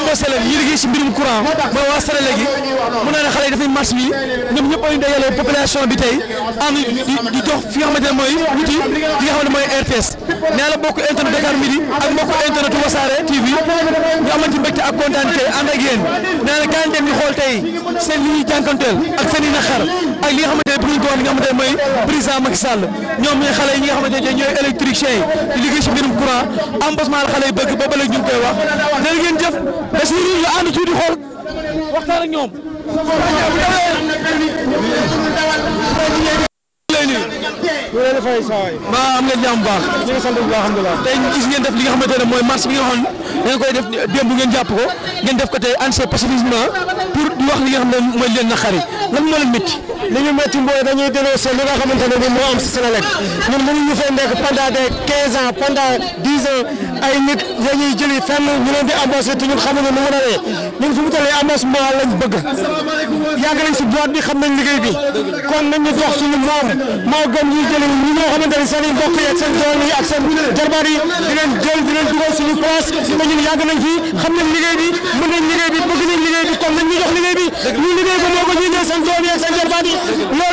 embauché leen ñi liggéey ci mbirum courant mooy waa sare léegi mu ne ne xale yi dafay marche bi ñoom ñëpp ay dajale population bi tey am di jox fi nga xamante ne mooy wuti li nga xam ne mooy RTS nee bokk internet Dakar midi ak mbokk internet Wassare TV ñu aman ci mbégte ak kontaan tey ànd ak yéen nee na gaan dem xool tey seen li ñuy jànkanteel ak seen i naqar mooy li nga xamante ne bëgg ko woon li nga ñoom ñooy xale yi nga xamante ne ñooy électricien yi di liggéey si mbirum courant embassement la xale yi bëgg ba ba léegi ñu ngi koy wax da ngeen jëf da si def li nga xamante ne mooy marche bi nga xam da ngeen koy def démb ngeen jàpp ko ngeen def ko tey anti-pacifisme pour di wax li nga xam mooy leen naqari lan moo leen métti li ñu métti mooy dañuy dénoncé li nga xamante ne ni moo am si Senelec ñun mënuñu fee nekk pendant des 15 ans pendant 10 ans ay nit la ñuy jëli ñu leen di embauché mu nawee bëgg yàgg nañ si boîte bi xam nañ liggéey bi kon nañ ñu dox suñu moom moo gën ñuy jëli ñi ne seen i mbokk yi ak seen doom yi ak seen jarbaar di leen jël di leen dugal suñu place te ñun yàgg nañ fi xam nañ liggéey bi mën nañ liggéey bëgg nañ liggéey bi comme nañ ñu jox bi ñu liggéey ko moo ko ñuy ñëw seen doom yi ak seen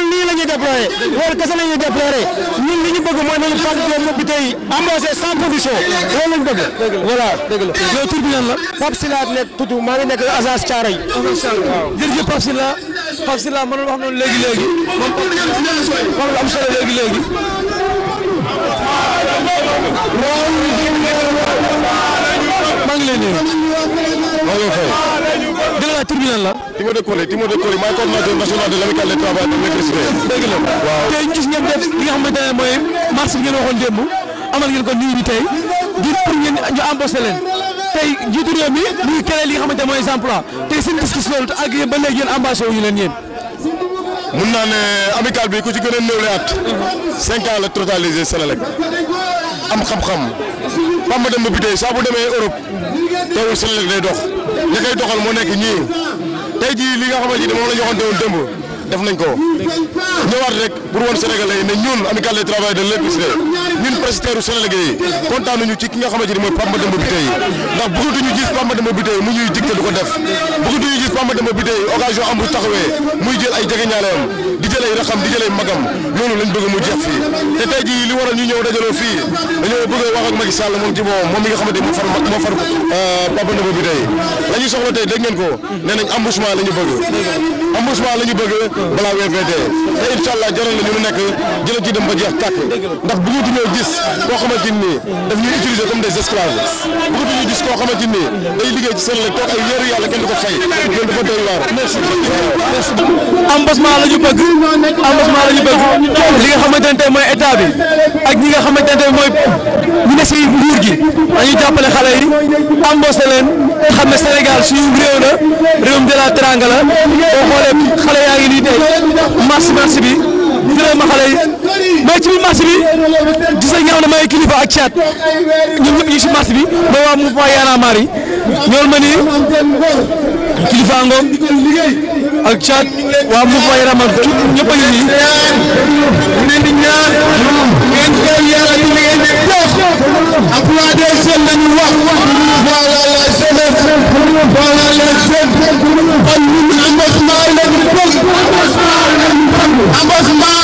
nii la ñuy déploré loolu kese la ñuy déploré ñun li ñu bëgg mooy nañu fànn doom bi tey embauché sans production loolu lañ bëgg voilà dëgg la yow tur bi lan la Pape Sylla nekk tudd maa ngi nekk agence Thiaroye jërëjëf Pape Sylla Pape Sylla mënul wax noonu léegi léegi moom am solo léegi léegi maa la tribunal la. Timothée Collé Timothée Collé maay coordonnateur national de l'amicale des travailleurs de l'électricité. dëgg la waaw tey gis ngeen def nga xamante ne mooy marche bi ngeen waxoon démb amal ngeen ko nii bi tey di pour ngeen ñu embauché leen tey jiitu réew mi muy créé li nga xamante ne mooy emploi tey seen gis-gis loolu te ak ba léegi yéen embauché wu ñu leen yéen. mun naa ne bi ku ci gën a néewle at. 5 ans la totalisé Sénélec am xam-xam Pamba Demba bi tey saa demee Europe li koy doxal moo nekk ñii tey jii li nga xamante ni moom la ñu waxante woon def nañ ko ñëwaat rek pour woon sénégalais yi ne ñun amicale des travailleurs de l'électricité ñun prestataire Sénégal yi kontaan nañu ci ki nga xamante ni mooy Pape Mademba Bitèye ndax bëggatuñu gis Pape Mademba Bitèye mu ñuy dicté du ko def bëggatuñu gis Pape Mademba Bitèye occasion am bu taxawee muy jël ay jegeñaaleem di jël ay raxam di jël ay magam loolu lañ bëgg mu jeex fii te tey jii li waral ñu ñëw dajaloo fii dañoo bëgg wax ak Macky Sall moom ci moom moom nga xamante moo far moo far euh, Pape Mademba Bitèye la ñuy ko nee nañ la ñu balaa weer fee dee te incha allah jaral na ñu lu nekk jëla ci dem ba jeex tàkk ndax bu ñu gis koo xamante ni daf ñuy utiliser comme des esclaves bu ñu gis koo xamante ni day dafa ñu bëgg bi ak ñi nga xamante ne tey mooy ñu ne si nguur gi dañuy jàppale xale yi embauché leen xam Sénégal suñu réew la réewum de la teranga la boo xoolee xale yaa ngi nii marché marché bi di leen ma xale yi mais ci biir marché bi gis nañ ñaaw na may kilifa ak caat ñun ñëpp ñu si marché bi mooy waa mouvement Y'en a marre yi ñoom ma nii kilifa ngoom ak caat waa mouvement Y'en a marre ñëpp a ngi nii ñu leen di ñaan ngeen xew yàlla ci li ngeen di def ak waa des jeunes lañu wax voilà la jeunesse voilà les jeunes kon ñun am na Ambos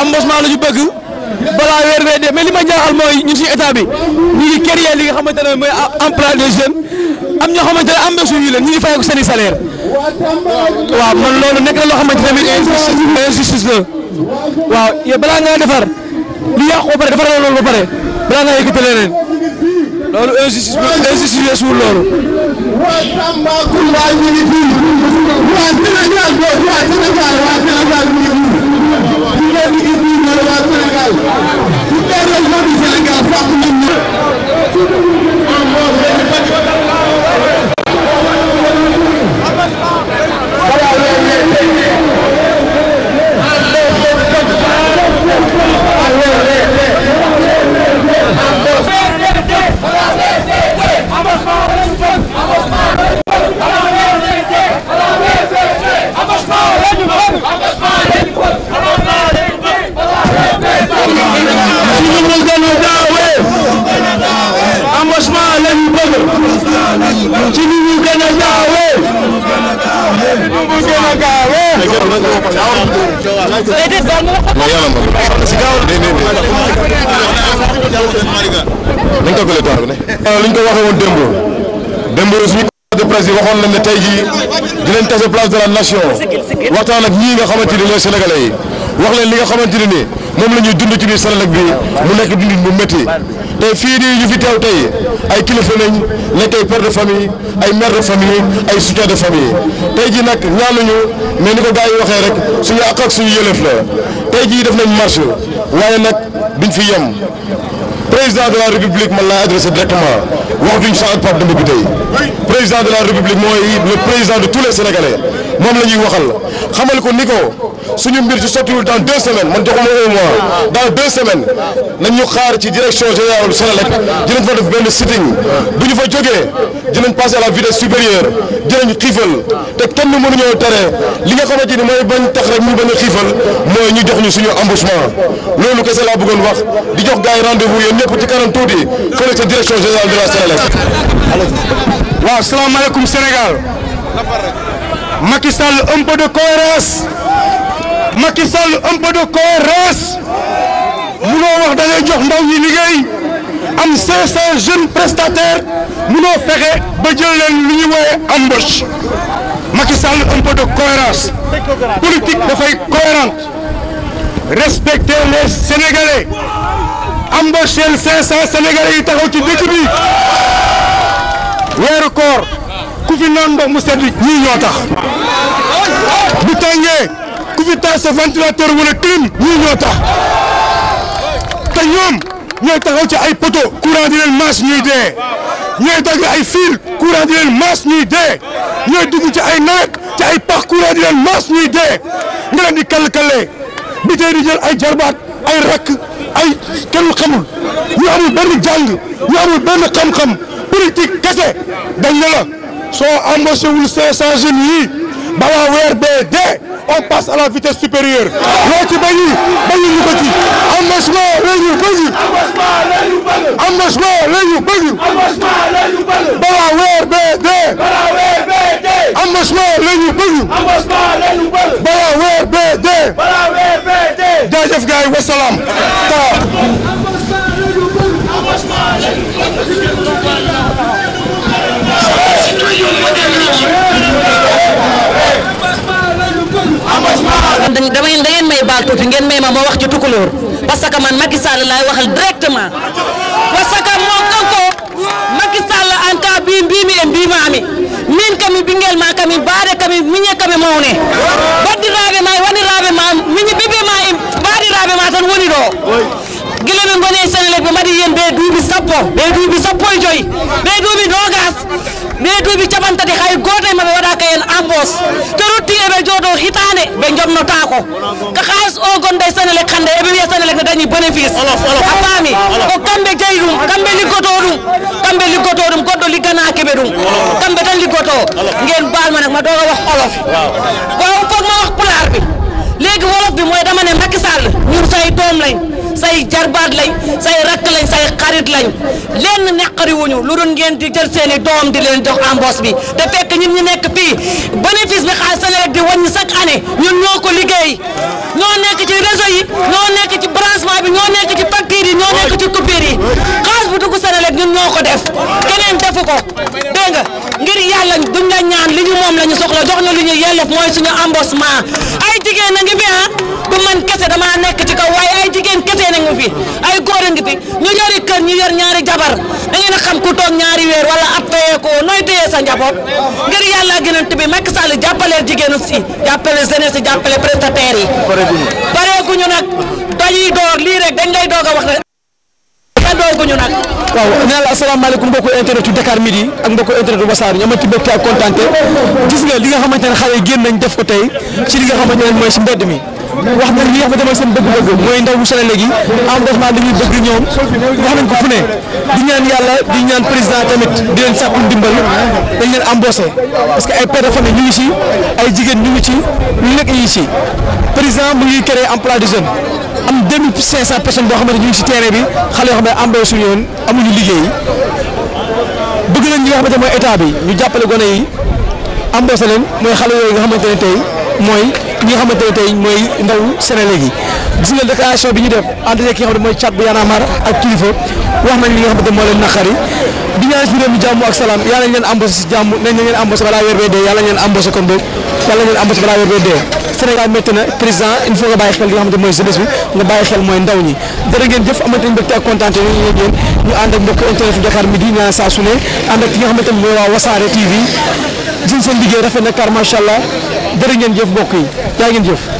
am mbosement la ñu bëgg balaa weer wee dee mais li ma jaaxal mooy ñun suñu état bi ñu ngi créer li nga xamante ne mooy emploi des jeunes am ñoo xamante ne am na suñu la ñu ngi fay ko seeni salaire waaw man loolu nekk na loo xamante tamit injustice la waaw yow balaa ngaa defar li yàqu ba pare defaral loolu ba pare balaa ngaa yëkkati leneen loolu injustice bi ngeen di gis nii mooy waa Sénégal toutes les lañu bëgg ci ni mu gën a gaawee ni mu gën a gaawee nañ ko gëlee toile bi ne euh, liñ ko waxee woon démb démb suñu de président waxoon nañ ne tey jii di leen tase place de la nation waxtaan ak ñii nga xamante ni ñooy sénégalais yi wax leen li nga xamante ni moom la ñuy dund ci biir Senelec bi mu nekk dundin bu métti tey fii nii ñu fi teew tey ay kilifa lañ nekk ay père de famille ay mère de famille ay soutien de famille tey jii nag ñaanuñu mais ni ko gars yi waxee rek suñu àq ak suñu yëlëf la tey jii def nañ marche waaye nag duñ fi yem président de la république man laa adressé directement wax duñ sa ak Pape Demba Bitèye président de la république mooy le président de tous les sénégalais. moom la ñuy waxal xamal ko ni ko suñu mbir ci sottiwul dans deux semaines man joxuma un mois dans deux semaines nañ ñu xaar ci direction générale Senelec dinañ fa def benn sitting bu ñu fa jógee dinañ passer à la vitesse supérieure dinañ xiifal te kenn mënuñoo tere li nga xamante ni mooy bañ tax rek mu bañ a xiifal mooy ñu jox ñu suñu embauchement loolu kese laa bëggoon wax di jox gars yi rendez-vous yéen ñëpp ci kanam tuuti fële ca direction générale de la Senelec. waaw salaamaaleykum Sénégal. Macky Sall un de cohérence Macky Sall un peu de cohérence munoo wax da ngay jox ndaw yi liggéey am 500 jeunes prestataires munoo fexe ba jël leen lu ñuy woowee embauche Macky Sall un de cohérence politique dafay cohérente respecter les Sénégalais embaucher 500 Sénégalais yi taxaw ci dëkk bi weeru koor ku fi naan ndox mu sedd ñii ñoo tax. bu tàngee ku fi taal sa ventilateur wala clim ñii ñoo tax te ñoom ci ay poto courant di leen masse ñuy dee ñooy dagg ay fil courant di leen masse ñuy dee ñooy dugg ci ay nawet ci ay pax courant di leen masse ñuy dee nga leen di kàllkàllee bi tey di jël ay jarbaat ay rakk ay kenn xamul ñu amul benn jàng ñu amul benn xam-xam politique kese dañ soo embauché wul 500 jeunes yii. balaa weer bee dee on passe à la vitesse supérieure loo ci bayi bayi ñu ko ci engagement la ñu bëgg engagement la ñu bëgg balaa weer bee dee engagement la ñu bëgg balaa weer bee dee jaajëf gaay wasalaam ta damay da ngeen may baal tuuti ngeen may ma ma wax ci tukulóor parce man Macky Sall waxal directement parce que moom kanko Macky Sall en cas bi mbimi e mbimami min kami ɓinngel ma kami baade kami miñe kami mawne waddiraaɓe ma waɗiraaɓe ma miñe ɓiɓɓe ma e baaɗiraaɓe ma tan woni ɗo gila ɓe ngoni e sénélec ɓe mbaɗi yen ɓe duuɓi sappo ɓe duuɓi sappo e joyi ɓe duuɓi nogas ɓe duuɓi caɓantati hay gooto e maɓe waɗaka hen embauche jooɗo hitaande ɓe jomnotaako ko haalis o gonɗo e sénélec hannde eɓe wiya sénélec ne dañi bénéfice a faami ko kamɓe jeyi ɗum kamɓe liggoto ɗum kamɓe liggoto ɗum goɗɗo ligganaki ɓe ɗum kamɓe tan liggoto ngeen mbalma nak ma ɗoɗo wax olof ko fof ma wax pulaar bi léegi wolof bi mooy dama ne Macky Sall ñun doom lañ say jarbaat lañ say rakk lañ say xarit lañ lenn neqariwuñu lu dul ngeen di jël seen doom di leen jox embauche bi te fekk ñun ñu nekk fii bénéfice bi xaalis Senelec di wàññi chaque année ñun ñoo ko liggéey ñoo nekk ci réseau yi ñoo nekk ci branchement bi ñoo nekk ci facture yi ñoo nekk ci coupure yi xaalis bu dugg Senelec ñun ñoo ko def keneen defu ko dégg ngir yàlla duñ la ñaan li ñu moom la ñu soxla jox ñu li ñu yellof mooy suñu embossement ay jigéen a ngi fi ah du man kese damaa nekk ci kaw waaye ay jigéen kese na ngi fi ay góor a ngi fi ñu yori kër ñu yor ñaari jabar da ngeen a xam ku toog ñaari weer wala ab fayee nooy téye sa njaboot ngir yàlla gën a tibbi Macky Sall jàppaleel jàppale jeunesse si jàppale prestataires yi pareeguñu nag dañuy door lii rek dañ lay doog a wax juddooguñu nag. waaw nee naa la asalaamaaleykum mbokku internet yu Dakar midi ak mbokku internet yu Wassare ñu amati mbégte ak kontaante gis nga li xamante ne xale yi génn nañ def ko li nga xamante ne mooy si mbedd mi. wax nañ li nga xamante ne mooy seen bëgg-bëgg mooy ndaw bu sale léegi bëgg ñoom wax nañ ko fu ne di ñaan yàlla di ñaan président tamit di leen sàkku ndimbal dañ leen embauché parce que ay père de famille ñu ngi ci ay jigéen ñu ngi ci ñu nekk ñu ngi ci président mu ngi créé emploi des jeunes deux mille cinq cent personnes boo xamante ñu ngi si terrain bi xale yoo xam ne embauché suñu yoon amuñu liggéey bëgg nañ li nga xamante mooy état bi ñu jàppale gone yi embauché leen mooy xale yooyu nga xamante ne tey mooy ñi xamante ne tey mooy bi ñu def entretien ki nga xam ne bu yaanaamar ak kilifa wax nañ li nga xamante moo leen naqari di ñaan si réew mi ak salaam yàlla nañ leen embauché si jàmm nañ leen embauché balaa weer dee yàlla nañ leen embauché kon boobu yàlla nañ leen embauché balaa weer dee Sénégal métti na président il faut nga bàyyi xel li nga xamante mooy jeunesse bi nga bàyyi xel mooy ndaw ñi jërë ngeen jëf amante ñu mbégte ak kontaan ñu ngeen ñu ànd Midi ñaan saa su ne ànd ki nga xamante ne mooy waa Wassare TV jën liggéey rafet na kaar macha allah jërë ngeen jëf bokk yi yaa ngeen jëf